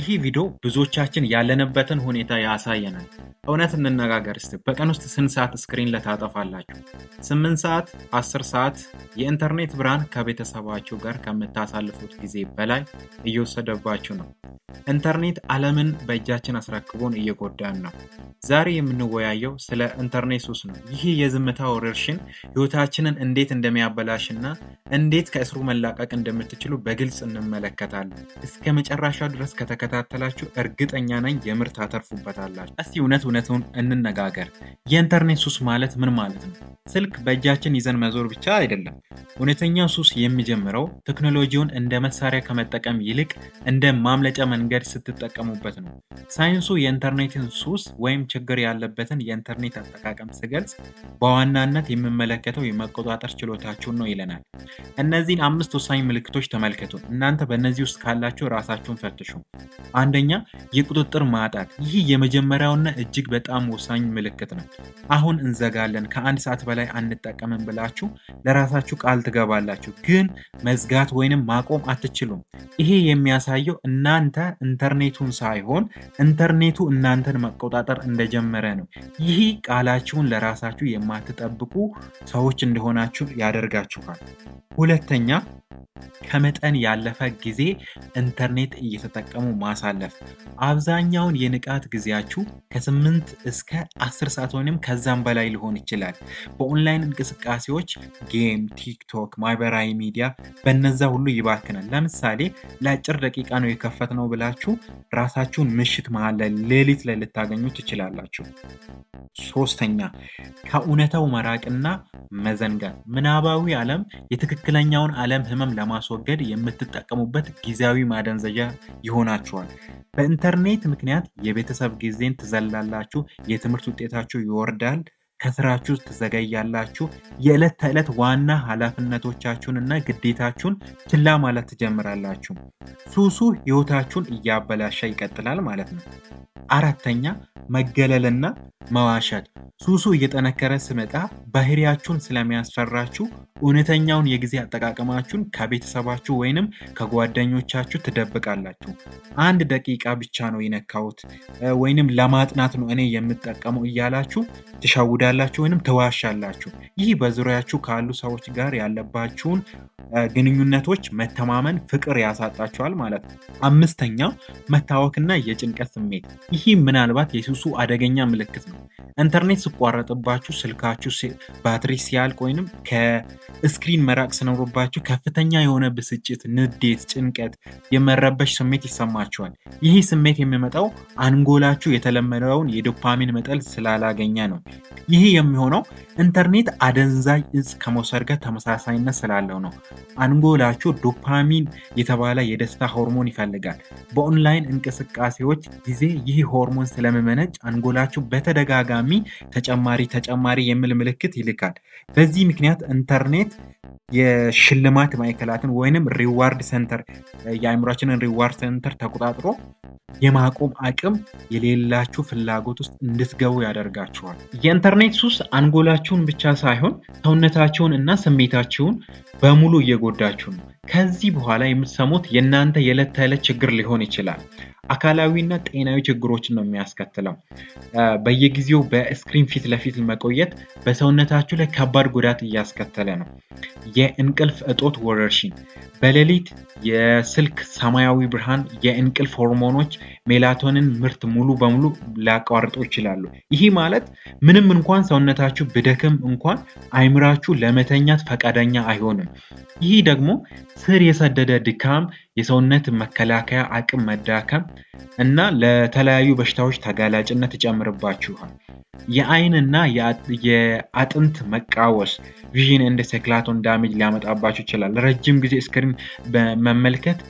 ይህ ቪዲዮ ብዙዎቻችን ያለንበትን ሁኔታ ያሳየናል። እውነት እንነጋገር እስቲ፣ በቀን ውስጥ ስንት ሰዓት ስክሪን ለታጠፋላችሁ? ስምንት ሰዓት፣ አስር ሰዓት። የኢንተርኔት ብርሃን ከቤተሰባችሁ ጋር ከምታሳልፉት ጊዜ በላይ እየወሰደባችሁ ነው። ኢንተርኔት ዓለምን በእጃችን አስረክቦን እየጎዳን ነው። ዛሬ የምንወያየው ስለ ኢንተርኔት ሱስ ነው። ይህ የዝምታ ወረርሽን ህይወታችንን እንዴት እንደሚያበላሽና እንዴት ከእስሩ መላቀቅ እንደምትችሉ በግልጽ እንመለከታለን። እስከ መጨረሻ መጨረሻው ድረስ ከተከታተላችሁ እርግጠኛ ነኝ የምር ታተርፉበታላችሁ። እስቲ እውነት እውነቱን እንነጋገር። የኢንተርኔት ሱስ ማለት ምን ማለት ነው? ስልክ በእጃችን ይዘን መዞር ብቻ አይደለም። እውነተኛ ሱስ የሚጀምረው ቴክኖሎጂውን እንደ መሳሪያ ከመጠቀም ይልቅ እንደ ማምለጫ መንገድ ስትጠቀሙበት ነው። ሳይንሱ የኢንተርኔትን ሱስ ወይም ችግር ያለበትን የኢንተርኔት አጠቃቀም ስገልጽ በዋናነት የምመለከተው የመቆጣጠር ችሎታችሁን ነው ይለናል። እነዚህን አምስት ወሳኝ ምልክቶች ተመልከቱ። እናንተ በእነዚህ ውስጥ ካላችሁ ራሳችሁን እንፈትሹ። አንደኛ የቁጥጥር ማጣት። ይህ የመጀመሪያውና እጅግ በጣም ወሳኝ ምልክት ነው። አሁን እንዘጋለን፣ ከአንድ ሰዓት በላይ አንጠቀምም ብላችሁ ለራሳችሁ ቃል ትገባላችሁ፣ ግን መዝጋት ወይንም ማቆም አትችሉም። ይሄ የሚያሳየው እናንተ ኢንተርኔቱን ሳይሆን ኢንተርኔቱ እናንተን መቆጣጠር እንደጀመረ ነው። ይህ ቃላችሁን ለራሳችሁ የማትጠብቁ ሰዎች እንደሆናችሁ ያደርጋችኋል። ሁለተኛ ከመጠን ያለፈ ጊዜ ኢንተርኔት እየተጠቀሙ ማሳለፍ። አብዛኛውን የንቃት ጊዜያችሁ ከስምንት እስከ አስር ሰዓት ወይም ከዛም በላይ ሊሆን ይችላል። በኦንላይን እንቅስቃሴዎች፣ ጌም፣ ቲክቶክ፣ ማህበራዊ ሚዲያ በነዛ ሁሉ ይባክናል። ለምሳሌ ለአጭር ደቂቃ ነው የከፈት ነው ብላችሁ ራሳችሁን ምሽት መሀል ላይ ሌሊት ላይ ልታገኙ ትችላላችሁ። ሶስተኛ ከእውነታው መራቅና መዘንጋት። ምናባዊ ዓለም የትክክለኛውን ዓለም ህመም ለማስወገድ የምትጠቀሙበት ጊዜያዊ ማደንዘዣ ይሆናችኋል። በኢንተርኔት ምክንያት የቤተሰብ ጊዜን ትዘላላችሁ፣ የትምህርት ውጤታችሁ ይወርዳል፣ ከስራችሁ ትዘገያላችሁ። የዕለት ተዕለት ዋና ኃላፊነቶቻችሁንና ግዴታችሁን ችላ ማለት ትጀምራላችሁ። ሱሱ ህይወታችሁን እያበላሻ ይቀጥላል ማለት ነው። አራተኛ መገለልና መዋሸት። ሱሱ እየጠነከረ ስመጣ ባህሪያችሁን ስለሚያስፈራችሁ እውነተኛውን የጊዜ አጠቃቀማችሁን ከቤተሰባችሁ ወይንም ከጓደኞቻችሁ ትደብቃላችሁ። አንድ ደቂቃ ብቻ ነው የነካሁት ወይንም ለማጥናት ነው እኔ የምጠቀመው እያላችሁ ትሸውዳላችሁ ወይንም ትዋሻላችሁ። ይህ በዙሪያችሁ ካሉ ሰዎች ጋር ያለባችሁን ግንኙነቶች መተማመን፣ ፍቅር ያሳጣችኋል ማለት ነው። አምስተኛ መታወክና የጭንቀት ስሜት ይህ ምናልባት የሱሱ አደገኛ ምልክት ነው። ኢንተርኔት ሲቋረጥባችሁ፣ ስልካችሁ ባትሪ ሲያልቅ፣ ወይንም ከስክሪን መራቅ ሲኖርባችሁ ከፍተኛ የሆነ ብስጭት፣ ንዴት፣ ጭንቀት፣ የመረበሽ ስሜት ይሰማችኋል። ይህ ስሜት የሚመጣው አንጎላችሁ የተለመደውን የዶፓሚን መጠን ስላላገኘ ነው። ይህ የሚሆነው ኢንተርኔት አደንዛዥ እጽ ከመውሰድ ጋር ተመሳሳይነት ስላለው ነው። አንጎላችሁ ዶፓሚን የተባለ የደስታ ሆርሞን ይፈልጋል። በኦንላይን እንቅስቃሴዎች ጊዜ ይህ ሆርሞን ስለመመነጭ አንጎላችሁ በተደጋጋሚ ተጨማሪ ተጨማሪ የሚል ምልክት ይልካል። በዚህ ምክንያት ኢንተርኔት የሽልማት ማዕከላትን ወይንም ሪዋርድ ሰንተር የአይምሯችንን ሪዋርድ ሰንተር ተቆጣጥሮ የማቆም አቅም የሌላችሁ ፍላጎት ውስጥ እንድትገቡ ያደርጋችኋል። የኢንተርኔት ሱስ አንጎላችሁን ብቻ ሳይሆን ሰውነታችሁን እና ስሜታችሁን በሙሉ እየጎዳችሁ ነው። ከዚህ በኋላ የምትሰሙት የእናንተ የዕለት ተዕለት ችግር ሊሆን ይችላል። አካላዊና ጤናዊ ችግሮችን ነው የሚያስከትለው። በየጊዜው በስክሪን ፊት ለፊት መቆየት በሰውነታችሁ ላይ ከባድ ጉዳት እያስከተለ ነው። የእንቅልፍ እጦት ወረርሽኝ፣ በሌሊት የስልክ ሰማያዊ ብርሃን የእንቅልፍ ሆርሞኖች ሜላቶንን ምርት ሙሉ በሙሉ ሊያቋርጦ ይችላሉ። ይህ ማለት ምንም እንኳን ሰውነታችሁ ብደክም እንኳን አይምራችሁ ለመተኛት ፈቃደኛ አይሆንም። ይህ ደግሞ ስር የሰደደ ድካም፣ የሰውነት መከላከያ አቅም መዳከም እና ለተለያዩ በሽታዎች ተጋላጭነት ይጨምርባችኋል። የአይንና የአጥንት መቃወስ ቪዥን እንደ ሴክላቶን ዳሜጅ ሊያመጣባችሁ ይችላል። ለረጅም ጊዜ ስክሪን በመመልከት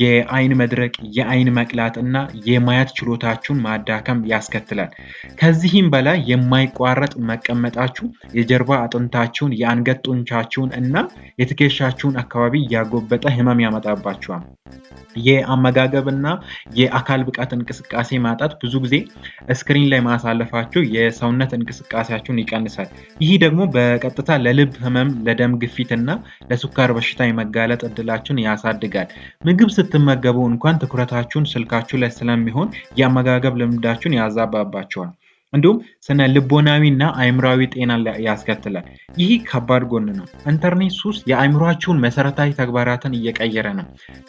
የአይን መድረቅ፣ የአይን መቅላት እና የማየት ችሎታችሁን ማዳከም ያስከትላል። ከዚህም በላይ የማይቋረጥ መቀመጣችሁ የጀርባ አጥንታችሁን፣ የአንገት ጡንቻችሁን እና የትከሻችሁን አካባቢ ያጎበጠ ህመም ያመጣባቸዋል። የአመጋገብና የአካል ብቃት እንቅስቃሴ ማጣት ብዙ ጊዜ ስክሪን ላይ ማሳለፋቸው የሰውነት እንቅስቃሴያቸውን ይቀንሳል። ይህ ደግሞ በቀጥታ ለልብ ህመም፣ ለደም ግፊት እና ለስኳር በሽታ የመጋለጥ እድላችሁን ያሳድጋል። ምግብ ስትመገቡ እንኳን ትኩረታችሁን ስልካችሁ ላይ ስለሚሆን የአመጋገብ ልምዳችሁን ያዛባባቸዋል። እንዲሁም ስነ ልቦናዊና አይምራዊ ጤና ያስከትላል። ይህ ከባድ ጎን ነው። ኢንተርኔት ሱስ የአይምሯችሁን መሰረታዊ ተግባራትን እየቀየረ ነው።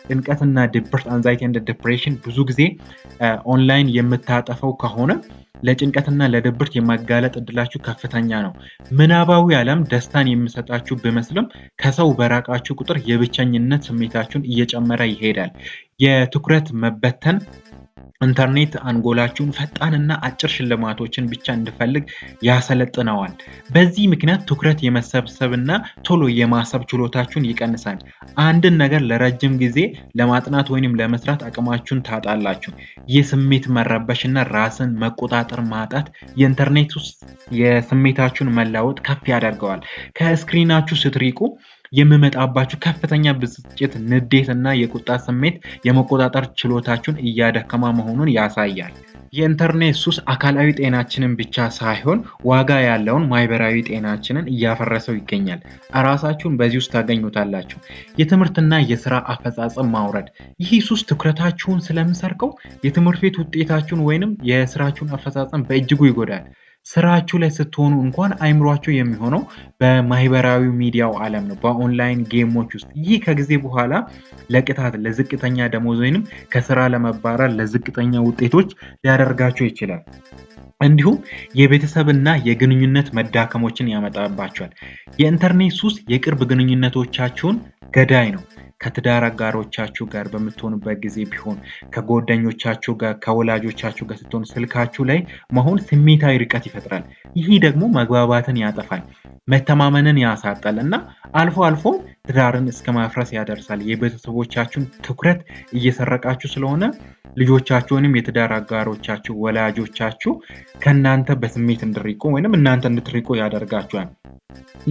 ጭንቀትና ድብርት፣ አንዛይቲ እንደ ዲፕሬሽን ብዙ ጊዜ ኦንላይን የምታጠፈው ከሆነ ለጭንቀትና ለድብርት የማጋለጥ እድላችሁ ከፍተኛ ነው። ምናባዊ ዓለም ደስታን የሚሰጣችሁ ብመስልም ከሰው በራቃችሁ ቁጥር የብቸኝነት ስሜታችሁን እየጨመረ ይሄዳል። የትኩረት መበተን ኢንተርኔት አንጎላችሁን ፈጣንና አጭር ሽልማቶችን ብቻ እንዲፈልግ ያሰለጥነዋል። በዚህ ምክንያት ትኩረት የመሰብሰብና ቶሎ የማሰብ ችሎታችሁን ይቀንሳል። አንድን ነገር ለረጅም ጊዜ ለማጥናት ወይም ለመስራት አቅማችሁን ታጣላችሁ። የስሜት መረበሽና ራስን መቆጣጠር ማጣት የኢንተርኔት ውስጥ የስሜታችሁን መላወጥ ከፍ ያደርገዋል። ከስክሪናችሁ ስትሪቁ የምመጣባችሁ ከፍተኛ ብስጭት፣ ንዴት እና የቁጣ ስሜት የመቆጣጠር ችሎታችሁን እያደከማ መሆኑን ያሳያል። የኢንተርኔት ሱስ አካላዊ ጤናችንን ብቻ ሳይሆን ዋጋ ያለውን ማህበራዊ ጤናችንን እያፈረሰው ይገኛል። እራሳችሁን በዚህ ውስጥ ታገኙታላችሁ። የትምህርትና የስራ አፈጻጸም ማውረድ፣ ይህ ሱስ ትኩረታችሁን ስለምሰርቀው የትምህርት ቤት ውጤታችሁን ወይንም የስራችሁን አፈጻጸም በእጅጉ ይጎዳል። ስራችሁ ላይ ስትሆኑ እንኳን አይምሯችሁ የሚሆነው በማህበራዊ ሚዲያው ዓለም ነው፣ በኦንላይን ጌሞች ውስጥ። ይህ ከጊዜ በኋላ ለቅጣት፣ ለዝቅተኛ ደሞዝ ወይንም ከስራ ለመባረር፣ ለዝቅተኛ ውጤቶች ሊያደርጋቸው ይችላል። እንዲሁም የቤተሰብና የግንኙነት መዳከሞችን ያመጣባቸዋል። የኢንተርኔት ሱስ የቅርብ ግንኙነቶቻችሁን ገዳይ ነው። ከትዳር አጋሮቻችሁ ጋር በምትሆኑበት ጊዜ ቢሆን ከጓደኞቻችሁ ጋር ከወላጆቻችሁ ጋር ስትሆኑ ስልካችሁ ላይ መሆን ስሜታዊ ርቀት ይፈጥራል። ይህ ደግሞ መግባባትን ያጠፋል፣ መተማመንን ያሳጣል እና አልፎ አልፎ ትዳርን እስከ ማፍረስ ያደርሳል። የቤተሰቦቻችሁን ትኩረት እየሰረቃችሁ ስለሆነ ልጆቻችሁንም የትዳር አጋሮቻችሁ ወላጆቻችሁ ከእናንተ በስሜት እንድሪቁ ወይም እናንተ እንድትሪቁ ያደርጋችኋል።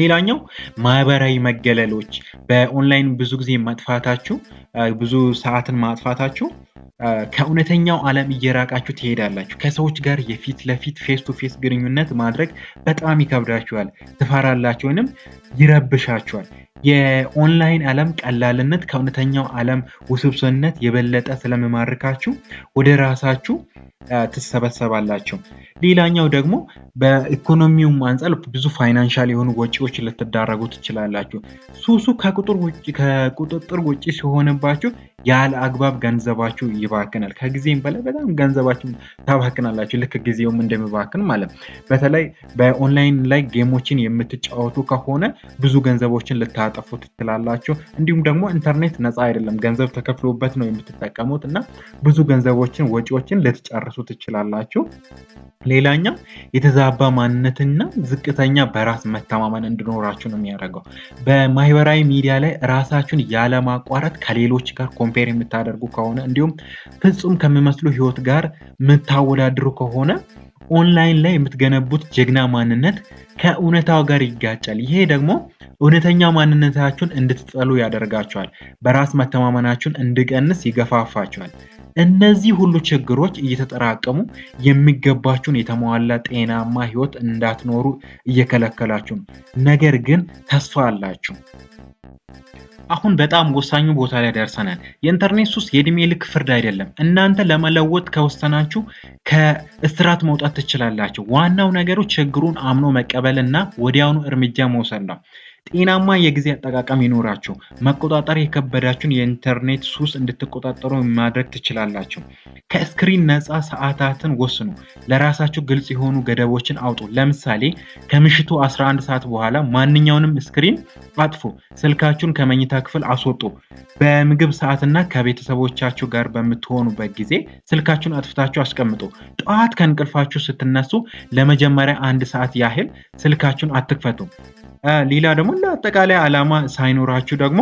ሌላኛው ማህበራዊ መገለሎች በኦንላይን ብዙ ጊዜ መጥፋታችሁ ብዙ ሰዓትን ማጥፋታችሁ ከእውነተኛው ዓለም እየራቃችሁ ትሄዳላችሁ። ከሰዎች ጋር የፊት ለፊት ፌስ ቱ ፌስ ግንኙነት ማድረግ በጣም ይከብዳችኋል፣ ትፈራላችሁ፣ ይረብሻችኋል። የኦንላይን ዓለም ቀላልነት ከእውነተኛው ዓለም ውስብስብነት የበለጠ ስለሚማርካችሁ ወደ ራሳችሁ ትሰበሰባላችሁ። ሌላኛው ደግሞ በኢኮኖሚውም አንጻር ብዙ ፋይናንሻል የሆኑ ወጪዎች ልትዳረጉ ትችላላችሁ። ሱሱ ከቁጥጥር ውጭ ሲሆንባችሁ ያለ አግባብ ገንዘባችሁ ይባክናል። ከጊዜም በላይ በጣም ገንዘባችሁ ታባክናላችሁ። ልክ ጊዜውም እንደሚባክን ማለት በተለይ በኦንላይን ላይ ጌሞችን የምትጫወቱ ከሆነ ብዙ ገንዘቦችን ልታ ልታጠፉ ትችላላችሁ። እንዲሁም ደግሞ ኢንተርኔት ነፃ አይደለም፣ ገንዘብ ተከፍሎበት ነው የምትጠቀሙት እና ብዙ ገንዘቦችን፣ ወጪዎችን ልትጨርሱ ትችላላችሁ። ሌላኛው የተዛባ ማንነትና ዝቅተኛ በራስ መተማመን እንዲኖራችሁ ነው የሚያደርገው። በማህበራዊ ሚዲያ ላይ ራሳችሁን ያለማቋረጥ ከሌሎች ጋር ኮምፔር የምታደርጉ ከሆነ እንዲሁም ፍጹም ከሚመስሉ ህይወት ጋር የምታወዳድሩ ከሆነ ኦንላይን ላይ የምትገነቡት ጀግና ማንነት ከእውነታው ጋር ይጋጫል። ይሄ ደግሞ እውነተኛ ማንነታችሁን እንድትጠሉ ያደርጋችኋል። በራስ መተማመናችሁን እንዲቀንስ ይገፋፋችኋል። እነዚህ ሁሉ ችግሮች እየተጠራቀሙ የሚገባችሁን የተሟላ ጤናማ ህይወት እንዳትኖሩ እየከለከላችሁ ነው። ነገር ግን ተስፋ አላችሁ። አሁን በጣም ወሳኙ ቦታ ላይ ደርሰናል። የኢንተርኔት ሱስ የእድሜ ልክ ፍርድ አይደለም። እናንተ ለመለወጥ ከወሰናችሁ ከእስራት መውጣት ትችላላችሁ። ዋናው ነገሩ ችግሩን አምኖ መቀበልና ወዲያውኑ እርምጃ መውሰድ ነው። ጤናማ የጊዜ አጠቃቀም ይኖራቸው መቆጣጠር የከበዳችሁን የኢንተርኔት ሱስ እንድትቆጣጠሩ ማድረግ ትችላላችሁ። ከስክሪን ነፃ ሰዓታትን ወስኑ። ለራሳችሁ ግልጽ የሆኑ ገደቦችን አውጡ። ለምሳሌ ከምሽቱ 11 ሰዓት በኋላ ማንኛውንም ስክሪን አጥፉ። ስልካችሁን ከመኝታ ክፍል አስወጡ። በምግብ ሰዓትና ከቤተሰቦቻችሁ ጋር በምትሆኑበት ጊዜ ስልካችሁን አጥፍታችሁ አስቀምጡ። ጠዋት ከእንቅልፋችሁ ስትነሱ ለመጀመሪያ አንድ ሰዓት ያህል ስልካችሁን አትክፈቱ። ሌላ ደግሞ ለአጠቃላይ አላማ ሳይኖራችሁ ደግሞ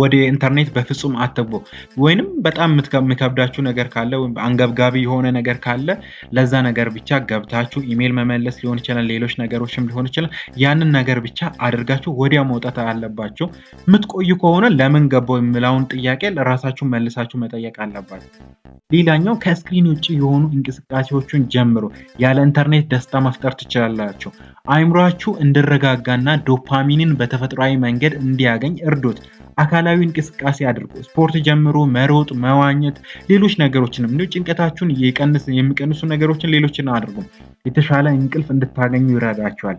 ወደ ኢንተርኔት በፍጹም አትግቡ። ወይንም በጣም የምከብዳችሁ ነገር ካለ ወይም አንገብጋቢ የሆነ ነገር ካለ ለዛ ነገር ብቻ ገብታችሁ ኢሜል መመለስ ሊሆን ይችላል፣ ሌሎች ነገሮችም ሊሆን ይችላል። ያንን ነገር ብቻ አድርጋችሁ ወዲያ መውጣት አለባችሁ። የምትቆዩ ከሆነ ለምን ገባው የሚለውን ጥያቄ ለራሳችሁ መልሳችሁ መጠየቅ አለባችሁ። ሌላኛው ከስክሪን ውጭ የሆኑ እንቅስቃሴዎችን ጀምሮ ያለ ኢንተርኔት ደስታ መፍጠር ትችላላችሁ። አይምሯችሁ እንዲረጋጋና ዶፓሚንን በተፈጥሯዊ መንገድ እንዲያገኝ እርዱት። አካላዊ እንቅስቃሴ አድርጎ ስፖርት ጀምሮ መሮጥ፣ መዋኘት፣ ሌሎች ነገሮችንም እንዲሁ ጭንቀታችሁን የሚቀንሱ ነገሮችን ሌሎችን አድርጉ። የተሻለ እንቅልፍ እንድታገኙ ይረዳቸዋል።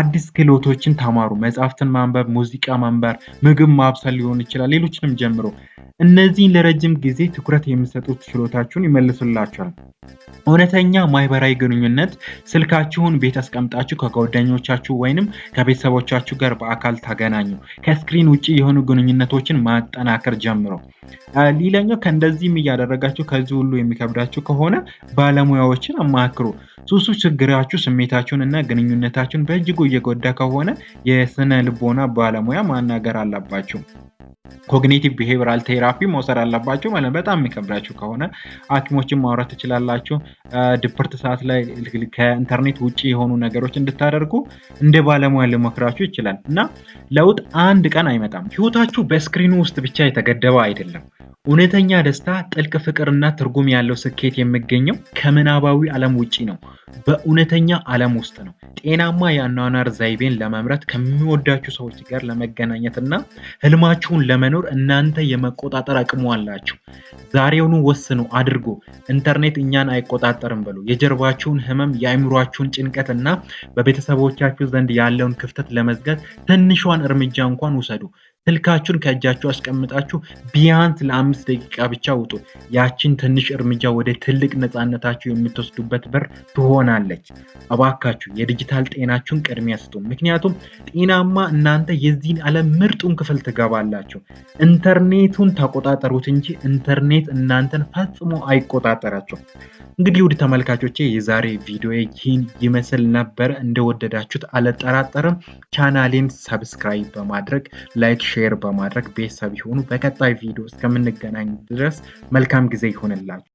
አዲስ ክህሎቶችን ተማሩ። መጽሐፍትን ማንበብ፣ ሙዚቃ ማንበር፣ ምግብ ማብሰል ሊሆን ይችላል። ሌሎችንም ጀምሮ እነዚህን ለረጅም ጊዜ ትኩረት የሚሰጡት ችሎታችሁን ይመልሱላችኋል። እውነተኛ ማህበራዊ ግንኙነት ስልካችሁን ቤት አስቀምጣችሁ ከጓደኞቻችሁ ወይንም ከቤተሰቦቻችሁ ጋር በአካል ታገናኙ። ከስክሪን ውጭ የሆኑ ግንኙነቶችን ማጠናከር ጀምሮ ሌላኛው ከእንደዚህም እያደረጋችሁ ከዚህ ሁሉ የሚከብዳችሁ ከሆነ ባለሙያዎችን አማክሩ። ሱሱ ችግራችሁ ስሜታችሁን እና ግንኙነታችሁን በእጅጉ እየጎዳ ከሆነ የስነ ልቦና ባለሙያ ማናገር አለባችሁ። ኮግኒቲቭ ቢሄቪራል ቴራፒ መውሰድ አለባቸው ማለት በጣም የሚከብዳችሁ ከሆነ ሐኪሞችን ማውራት ትችላላችሁ። ድብርት ሰዓት ላይ ከኢንተርኔት ውጭ የሆኑ ነገሮች እንድታደርጉ እንደ ባለሙያ ሊመክራችሁ ይችላል እና ለውጥ አንድ ቀን አይመጣም። ህይወታችሁ በስክሪኑ ውስጥ ብቻ የተገደበ አይደለም። እውነተኛ ደስታ፣ ጥልቅ ፍቅርና ትርጉም ያለው ስኬት የሚገኘው ከምናባዊ ዓለም ውጪ ነው፣ በእውነተኛ ዓለም ውስጥ ነው። ጤናማ የአኗኗር ዘይቤን ለመምረት ከሚወዳችሁ ሰዎች ጋር ለመገናኘትና ህልማችሁን ለመኖር እናንተ የመቆጣጠር አቅሙ አላችሁ። ዛሬውኑ ወስኑ፣ አድርጎ ኢንተርኔት እኛን አይቆጣጠርም ብሎ የጀርባችሁን ህመም፣ የአይምሯችሁን ጭንቀት እና በቤተሰቦቻችሁ ዘንድ ያለውን ክፍተት ለመዝጋት ትንሿን እርምጃ እንኳን ውሰዱ። ስልካችሁን ከእጃችሁ አስቀምጣችሁ ቢያንስ ለአምስት ደቂቃ ብቻ ውጡ። ያችን ትንሽ እርምጃ ወደ ትልቅ ነፃነታችሁ የምትወስዱበት በር ትሆናለች። እባካችሁ የዲጂታል ጤናችሁን ቅድሚያ ስጡ። ምክንያቱም ጤናማ እናንተ የዚህን ዓለም ምርጡን ክፍል ትገባላችሁ። ኢንተርኔቱን ተቆጣጠሩት እንጂ ኢንተርኔት እናንተን ፈጽሞ አይቆጣጠራችሁም። እንግዲህ ውድ ተመልካቾቼ የዛሬ ቪዲዮ ይህን ይመስል ነበር። እንደወደዳችሁት አልጠራጠርም። ቻናሌን ሰብስክራይብ በማድረግ ላይክ ሼር በማድረግ ቤተሰብ ይሁኑ። በቀጣይ ቪዲዮ እስከምንገናኝ ድረስ መልካም ጊዜ ይሆንላችሁ።